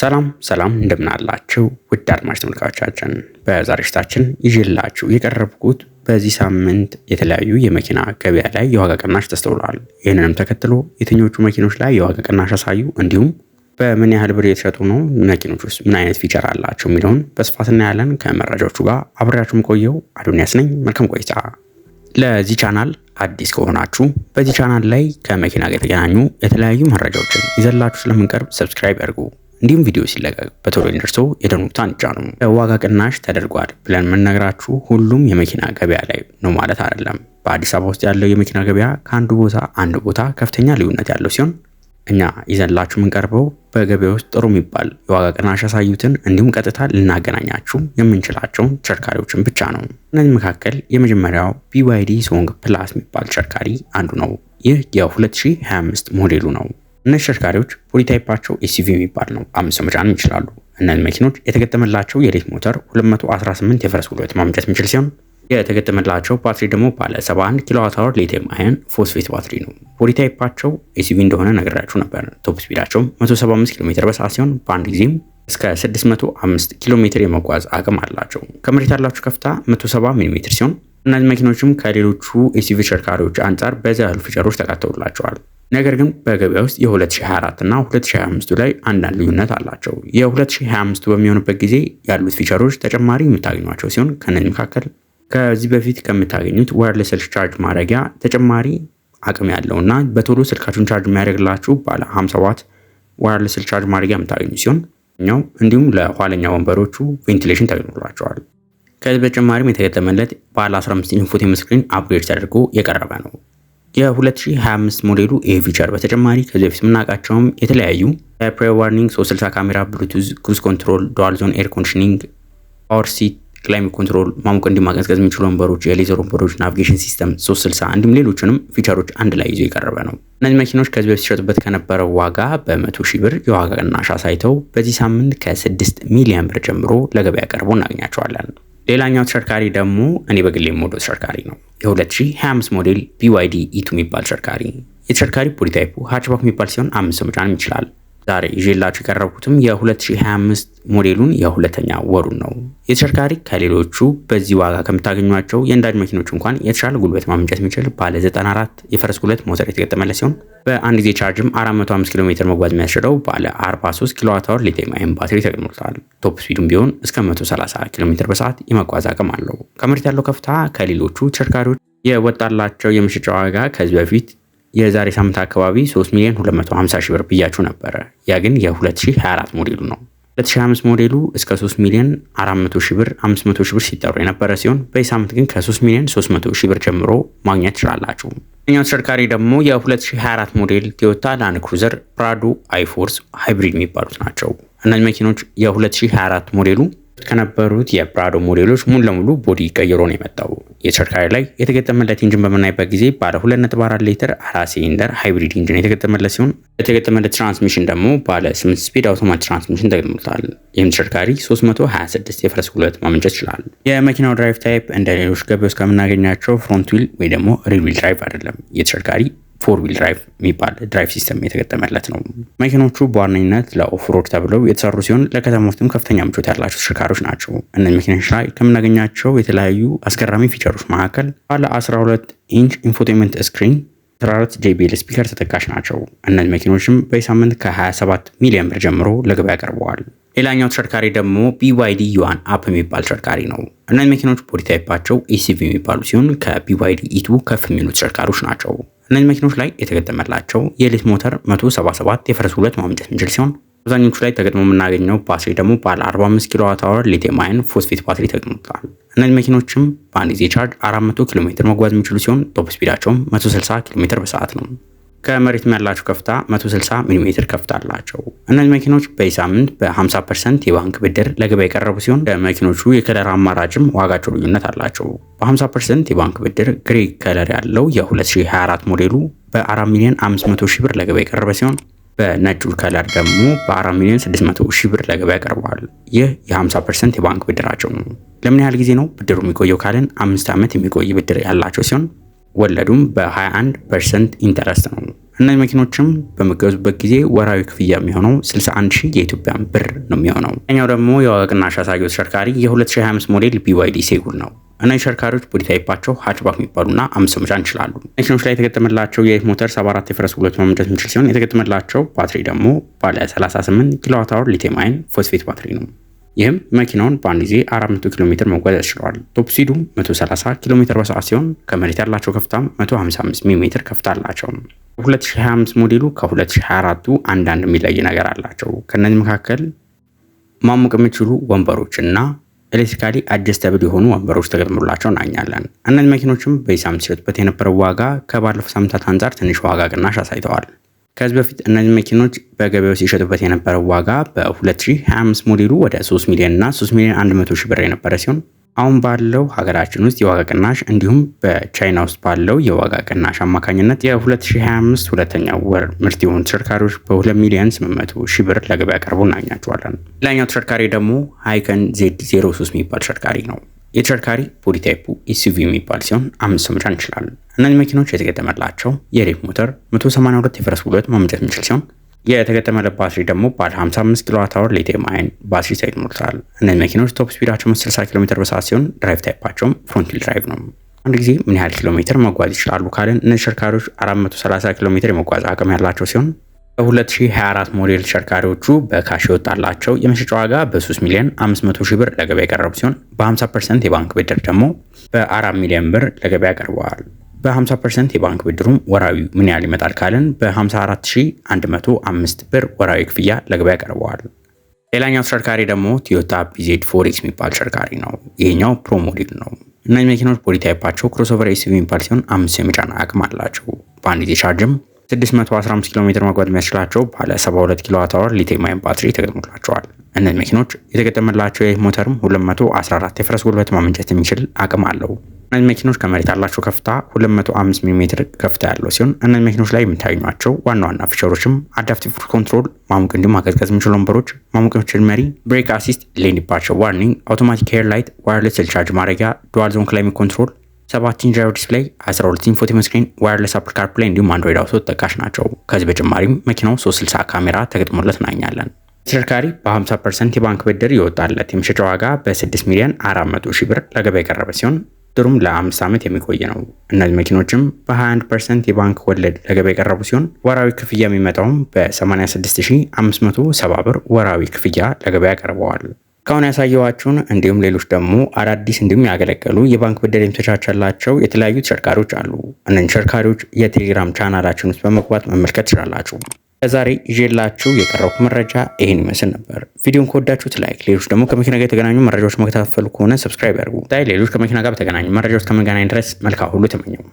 ሰላም ሰላም እንደምናላችሁ ውድ አድማጭ ተመልካቾቻችን፣ በዛሬ ሽታችን ይዤላችሁ የቀረብኩት በዚህ ሳምንት የተለያዩ የመኪና ገበያ ላይ የዋጋ ቅናሽ ተስተውሏል። ይህንንም ተከትሎ የትኞቹ መኪኖች ላይ የዋጋ ቅናሽ አሳዩ፣ እንዲሁም በምን ያህል ብር የተሸጡ ነው፣ መኪኖች ውስጥ ምን አይነት ፊቸር አላቸው የሚለውን በስፋት እናያለን። ከመረጃዎቹ ጋር አብሬያችሁም ቆየው አዱኒያስ ነኝ። መልካም ቆይታ። ለዚህ ቻናል አዲስ ከሆናችሁ በዚህ ቻናል ላይ ከመኪና ጋር የተገናኙ የተለያዩ መረጃዎችን ይዘላችሁ ስለምንቀርብ ሰብስክራይብ ያድርጉ። እንዲሁም ቪዲዮ ሲለቀቅ በቶሎ ደርሶ የደኑታን ጫኑ። ዋጋ ቅናሽ ተደርጓል ብለን የምንነግራችሁ ሁሉም የመኪና ገበያ ላይ ነው ማለት አይደለም። በአዲስ አበባ ውስጥ ያለው የመኪና ገበያ ከአንዱ ቦታ አንዱ ቦታ ከፍተኛ ልዩነት ያለው ሲሆን እኛ ይዘንላችሁ የምንቀርበው በገበያ ውስጥ ጥሩ የሚባል የዋጋ ቅናሽ ያሳዩትን እንዲሁም ቀጥታ ልናገናኛችሁ የምንችላቸውን ተሽከርካሪዎችን ብቻ ነው። እነዚህ መካከል የመጀመሪያው ቢዋይዲ ሶንግ ፕላስ የሚባል ተሽከርካሪ አንዱ ነው። ይህ የ2025 ሞዴሉ ነው። እነዚህ ተሽከርካሪዎች ቦዲታይፓቸው ኤስዩቪ የሚባል ነው። አምስት መጫንም ይችላሉ። እነዚህ መኪኖች የተገጠመላቸው የሬት ሞተር 218 የፈረስ ጉልበት ማምጨት የሚችል ሲሆን የተገጠመላቸው ባትሪ ደግሞ ባለ 71 ኪሎዋት አወር ሊቲየም አየን ፎስፌት ባትሪ ነው። ቦዲ ታይፓቸው ኤስዩቪ እንደሆነ ነግራችሁ ነበር። ቶፕ ስፒዳቸው 175 ኪሎ ሜትር በሰዓት ሲሆን በአንድ ጊዜም እስከ 605 ኪሎ ሜትር የመጓዝ አቅም አላቸው። ከመሬት ያላቸው ከፍታ 170 ሚሊ ሜትር ሲሆን እነዚህ መኪኖችም ከሌሎቹ ኤስዩቪ ተሽከርካሪዎች አንጻር በዛ ያሉ ፊቸሮች ተካተውላቸዋል። ነገር ግን በገበያ ውስጥ የ2024 እና 2025 ላይ አንዳንድ ልዩነት አላቸው። የ2025 በሚሆንበት ጊዜ ያሉት ፊቸሮች ተጨማሪ የምታገኟቸው ሲሆን ከነዚህ መካከል ከዚህ በፊት ከምታገኙት ዋየርለስ ስልክ ቻርጅ ማድረጊያ ተጨማሪ አቅም ያለው እና በቶሎ ስልካችሁን ቻርጅ የሚያደርግላችሁ ባለ 50 ዋት ዋየርለስ ስልክ ቻርጅ ማድረጊያ የምታገኙ ሲሆን ኛው እንዲሁም ለኋለኛ ወንበሮቹ ቬንቲሌሽን ተገኝቶላቸዋል። ከዚህ በተጨማሪም የተገጠመለት ባለ 15 ኢንች ስክሪን አፕግሬድ ተደርጎ የቀረበ ነው። የ2025 ሞዴሉ ኤ በተጨማሪ ከዚህ በፊት የምናውቃቸውም የተለያዩ ፕሬር ዋርኒንግ፣ 360 ካሜራ፣ ብሉቱዝ፣ ክሩዝ ኮንትሮል፣ ዱዋል ዞን ኤር ኮንዲሽኒንግ፣ ፓወር ሲት፣ ክላይሜት ኮንትሮል፣ ማሞቅ እንዲሁ ማቀዝቀዝ የሚችሉ ወንበሮች፣ የሌዘር ወንበሮች፣ ናቪጌሽን ሲስተም 360 እንዲሁም ሌሎችንም ፊቸሮች አንድ ላይ ይዞ የቀረበ ነው። እነዚህ መኪኖች ከዚህ በፊት ሲሸጡበት ከነበረው ዋጋ በ100 ሺህ ብር የዋጋ ቅናሽ አሳይተው በዚህ ሳምንት ከ6 ሚሊዮን ብር ጀምሮ ለገበያ ቀርቦ እናገኛቸዋለን። ሌላኛው ተሽከርካሪ ደግሞ እኔ በግሌ የምወደው ተሽከርካሪ ነው። የ2025 ሞዴል ቢዋይዲ ኢቱ የሚባል ተሽከርካሪ የተሽከርካሪ ፖሊታይፑ ታይፑ ሃችባክ የሚባል ሲሆን አምስት ሰው መጫንም ይችላል። ዛሬ ይዤላችሁ የቀረብኩትም የ2025 ሞዴሉን የሁለተኛ ወሩን ነው። የተሽከርካሪ ከሌሎቹ በዚህ ዋጋ ከምታገኟቸው የነዳጅ መኪኖች እንኳን የተሻለ ጉልበት ማመንጨት የሚችል ባለ 94 የፈረስ ጉልበት ሞተር የተገጠመለት ሲሆን በአንድ ጊዜ ቻርጅም 405 ኪሎ ሜትር መጓዝ የሚያስችለው ባለ 43 ኪሎዋታወር ሊቲየም አየን ባትሪ ተገጥሞለታል። ቶፕ ስፒዱም ቢሆን እስከ 130 ኪሎ ሜትር በሰዓት የመጓዝ አቅም አለው። ከመሬት ያለው ከፍታ ከሌሎቹ ተሽከርካሪዎች የወጣላቸው የመሸጫ ዋጋ ከዚህ በፊት የዛሬ ሳምንት አካባቢ 3 ሚሊዮን 250 ሺህ ብር ብያችሁ ነበረ። ያ ግን የ2024 ሞዴሉ ነው። 2025 ሞዴሉ እስከ 3 ሚሊዮን 400 ሺህ ብር፣ 500 ሺህ ብር ሲጠሩ የነበረ ሲሆን በዚህ ሳምንት ግን ከ3 ሚሊዮን 300 ሺህ ብር ጀምሮ ማግኘት ትችላላችሁ። ኛው ተሽከርካሪ ደግሞ የ2024 ሞዴል ቶዮታ ላንድ ክሩዘር ፕራዶ አይፎርስ ሃይብሪድ የሚባሉት ናቸው። እነዚህ መኪኖች የ2024 ሞዴሉ ከነበሩት የፕራዶ ሞዴሎች ሙሉ ለሙሉ ቦዲ ቀይሮ ነው የመጣው። የተሽከርካሪ ላይ የተገጠመለት ኢንጂን በምናይበት ጊዜ ባለ 2.4 ሊትር አራት ሲሊንደር ሃይብሪድ ኢንጂን የተገጠመለት ሲሆን የተገጠመለት ትራንስሚሽን ደግሞ ባለ 8 ስፒድ አውቶማት ትራንስሚሽን ተገጥሞታል። ይህም ተሽከርካሪ 326 የፈረስ ጉልበት ማመንጨት ይችላል። የመኪናው ድራይቭ ታይፕ እንደ ሌሎች ከምናገኛቸው ፍሮንት ዊል ወይ ደግሞ ሪል ዊል ድራይቭ አይደለም። የተሽከርካሪ ፎር ዊል ድራይቭ የሚባል ድራይቭ ሲስተም የተገጠመለት ነው። መኪኖቹ በዋነኝነት ለኦፍሮድ ተብለው የተሰሩ ሲሆን ለከተማ ከፍተኛ ምቾት ያላቸው ተሽከርካሪዎች ናቸው። እነዚህ መኪኖች ላይ ከምናገኛቸው የተለያዩ አስገራሚ ፊቸሮች መካከል ባለ 12 ኢንች ኢንፎቴንመንት ስክሪን 14 ጄቢኤል ስፒከር ተጠቃሽ ናቸው። እነዚህ መኪኖችም በሳምንት ከ27 ሚሊዮን ብር ጀምሮ ለገበያ ቀርበዋል። ሌላኛው ተሽከርካሪ ደግሞ ቢዋይዲ ዩዋን አፕ የሚባል ተሽከርካሪ ነው። እነዚህ መኪኖች ቦዲ ታይፓቸው ኤሲቪ የሚባሉ ሲሆን ከቢዋይዲ ኢቱ e ከፍ የሚሉ ተሽከርካሪዎች ናቸው። እነዚህ መኪኖች ላይ የተገጠመላቸው የሊት ሞተር 177 የፈረስ ሁለት ማምጨት የሚችል ሲሆን አብዛኞቹ ላይ ተገጥሞ የምናገኘው ባትሪ ደግሞ ባለ 45 ኪሎ ዋት አወር ሊቲየም አየን ፎስፌት ባትሪ ተገጥሞታል። እነዚህ መኪኖችም በአንድ ጊዜ ቻርጅ 400 ኪሎ ሜትር መጓዝ የሚችሉ ሲሆን ቶፕ ስፒዳቸውም 160 ኪሎ ሜትር በሰዓት ነው። ከመሬት ያላቸው ከፍታ 160 ሚሜ ከፍታ አላቸው። እነዚህ መኪኖች በሳምንት በ50 ፐርሰንት የባንክ ብድር ለገበያ የቀረቡ ሲሆን ለመኪኖቹ የከለር አማራጭም ዋጋቸው ልዩነት አላቸው። በ50 ፐርሰንት የባንክ ብድር ግሬ ከለር ያለው የ2024 ሞዴሉ በ4 ሚሊዮን 500 ሺህ ብር ለገበያ የቀረበ ሲሆን በነጩ ከለር ደግሞ በ4 ሚሊዮን 600 ሺህ ብር ለገበያ ቀርበዋል። ይህ የ50 ፐርሰንት የባንክ ብድራቸው ነው። ለምን ያህል ጊዜ ነው ብድሩ የሚቆየው ካልን አምስት ዓመት የሚቆይ ብድር ያላቸው ሲሆን ወለዱም በ21 ፐርሰንት ኢንተረስት ነው። እነዚህ መኪኖችም በሚገዙበት ጊዜ ወራዊ ክፍያ የሚሆነው 61 ሺህ የኢትዮጵያ ብር ነው የሚሆነው። ኛው ደግሞ የዋጋ ቅናሽ ተሽከርካሪ የ2025 ሞዴል ቢዋይዲ ሴጉል ነው። እነዚህ ተሽከርካሪዎች ቦዲ ታይፓቸው ሃችባክ የሚባሉና አምስት መጫን ይችላሉ። መኪኖች ላይ የተገጠመላቸው የኤፍ ሞተር 74 የፈረስ ጉልበት ማመንጨት የሚችል ሲሆን የተገጠመላቸው ባትሪ ደግሞ ባለ 38 ኪሎዋት አወር ሊቴማይን ፎስፌት ባትሪ ነው። ይህም መኪናውን በአንድ ጊዜ 400 ኪሎ ሜትር መጓዝ ያስችለዋል። ቶፕሲዱ 130 ኪሎ ሜትር በሰዓት ሲሆን ከመሬት ያላቸው ከፍታም 155 ሜትር ከፍታ አላቸው። 2025 ሞዴሉ ከ2024ቱ አንዳንድ የሚለይ ነገር አላቸው። ከእነዚህ መካከል ማሞቅ የሚችሉ ወንበሮች እና ኤሌክትሪካሊ አጀስተብል የሆኑ ወንበሮች ተገጥሞላቸው እናኛለን። እነዚህ መኪኖችም በዚህ ሳምንት የነበረው ዋጋ ከባለፉ ሳምንታት አንጻር ትንሽ ዋጋ ቅናሽ አሳይተዋል። ከዚህ በፊት እነዚህ መኪኖች በገበያው ሲሸጡበት የነበረው ዋጋ በ2025 ሞዴሉ ወደ 3 ሚሊዮን እና 3 ሚሊዮን 100 ሺህ ብር የነበረ ሲሆን አሁን ባለው ሀገራችን ውስጥ የዋጋ ቅናሽ እንዲሁም በቻይና ውስጥ ባለው የዋጋ ቅናሽ አማካኝነት የ2025 ሁለተኛ ወር ምርት የሆኑ ተሽከርካሪዎች በ2 ሚሊዮን 800 ሺህ ብር ለገበያ ቀርቦ እናገኛቸዋለን። ሌላኛው ተሽከርካሪ ደግሞ ሃይከን ዜድ 03 የሚባል ተሽከርካሪ ነው። የተሽከርካሪ ቦዲ ታይፑ ኤስዩቪ የሚባል ሲሆን አምስት ሰው መጫን ይችላል። እነዚህ መኪኖች የተገጠመላቸው የሬፍ ሞተር 182 የፈረስ ጉልበት ማመንጨት የሚችል ሲሆን የተገጠመለት ባትሪ ደግሞ ባለ 55 ኪሎ ዋት አወር ሊቲየም አየን ባትሪ ተገጥሞለታል። እነዚህ መኪኖች ቶፕ ስፒዳቸው 60 ኪሎ ሜትር በሰዓት ሲሆን ድራይቭ ታይፓቸውም ፍሮንቲል ድራይቭ ነው። አንድ ጊዜ ምን ያህል ኪሎ ሜትር መጓዝ ይችላሉ ካለን እነዚህ ተሽከርካሪዎች 430 ኪሎ ሜትር የመጓዝ አቅም ያላቸው ሲሆን በ2024 ሞዴል ተሽከርካሪዎቹ በካሽ የወጣላቸው የመሸጫ ዋጋ በ3 ሚሊዮን 500 ሺህ ብር ለገበያ የቀረቡ ሲሆን በ50 ፐርሰንት የባንክ ብድር ደግሞ በ4 ሚሊዮን ብር ለገበያ ቀርበዋል። በ50 ፐርሰንት የባንክ ብድሩም ወራዊ ምን ያህል ይመጣል ካልን በ54105 ብር ወራዊ ክፍያ ለገበያ ቀርበዋል። ሌላኛው ተሽከርካሪ ደግሞ ቶዮታ ቢዜድ ፎሪክስ የሚባል ተሽከርካሪ ነው። ይሄኛው ፕሮ ሞዴል ነው። እነዚህ መኪናዎች ቦዲ ታይፓቸው ክሮስኦቨር ኤስዩቪ የሚባል ሲሆን አምስት የመጫን አቅም አላቸው። በአንድ ጊዜ ቻርጅም 615 ኪሎ ሜትር መጓዝ የሚያስችላቸው ባለ 72 ኪሎዋት አወር ሊቲየም አዮን ባትሪ ተገጥሞላቸዋል። እነዚህ መኪኖች የተገጠመላቸው የህ ሞተርም 214 የፈረስ ጉልበት ማመንጨት የሚችል አቅም አለው። እነዚህ መኪኖች ከመሬት ያላቸው ከፍታ 205 ሚሜ ከፍታ ያለው ሲሆን እነዚህ መኪኖች ላይ የምታገኟቸው ዋና ዋና ፊቸሮችም አዳፕቲቭ ክሩዝ ኮንትሮል፣ ማሞቅ እንዲሁም ማቀዝቀዝ የሚችሉ ወንበሮች፣ ማሞቅ መሪ፣ ብሬክ አሲስት፣ ሌን ዲፓርቸር ዋርኒንግ፣ አውቶማቲክ ሄድ ላይት፣ ዋየርለስ ቻርጅ ማድረጊያ፣ ዱዋል ዞን ክላይሜት ኮንትሮል ሰባት ኢንች ዳይሬክት ዲስፕሌይ፣ 12 ኢንች ፎቶ ስክሪን፣ ዋየርለስ አፕል ካርፕሌይ እንዲሁም አንድሮይድ አውቶ ተጠቃሽ ናቸው። ከዚህ በተጨማሪም መኪናው 360 ካሜራ ተገጥሞለት እናገኛለን። ተሽከርካሪ በ50 ፐርሰንት የባንክ ብድር ይወጣለት። የመሸጫ ዋጋ በ6 ሚሊዮን 400 ሺህ ብር ለገበያ የቀረበ ሲሆን ድሩም ለአምስት ዓመት የሚቆይ ነው። እነዚህ መኪኖችም በ21 ፐርሰንት የባንክ ወለድ ለገበያ የቀረቡ ሲሆን ወራዊ ክፍያ የሚመጣውም በ86570 ብር ወራዊ ክፍያ ለገበያ ያቀርበዋል። ካሁን ያሳየዋችሁን እንዲሁም ሌሎች ደግሞ አዳዲስ እንዲሁም ያገለገሉ የባንክ ብድር የሚመቻቸላቸው የተለያዩ ተሽከርካሪዎች አሉ። እነን ተሽከርካሪዎች የቴሌግራም ቻናላችን ውስጥ በመግባት መመልከት ትችላላችሁ። ለዛሬ ይዤላችሁ የቀረብኩ መረጃ ይህን ይመስል ነበር። ቪዲዮን ከወዳችሁት ላይክ፣ ሌሎች ደግሞ ከመኪና ጋር የተገናኙ መረጃዎች መከታተሉ ከሆነ ሰብስክራይብ ያድርጉ። ሌሎች ከመኪና ጋር በተገናኙ መረጃዎች ከመገናኝ ድረስ መልካም ሁሉ ተመኘው።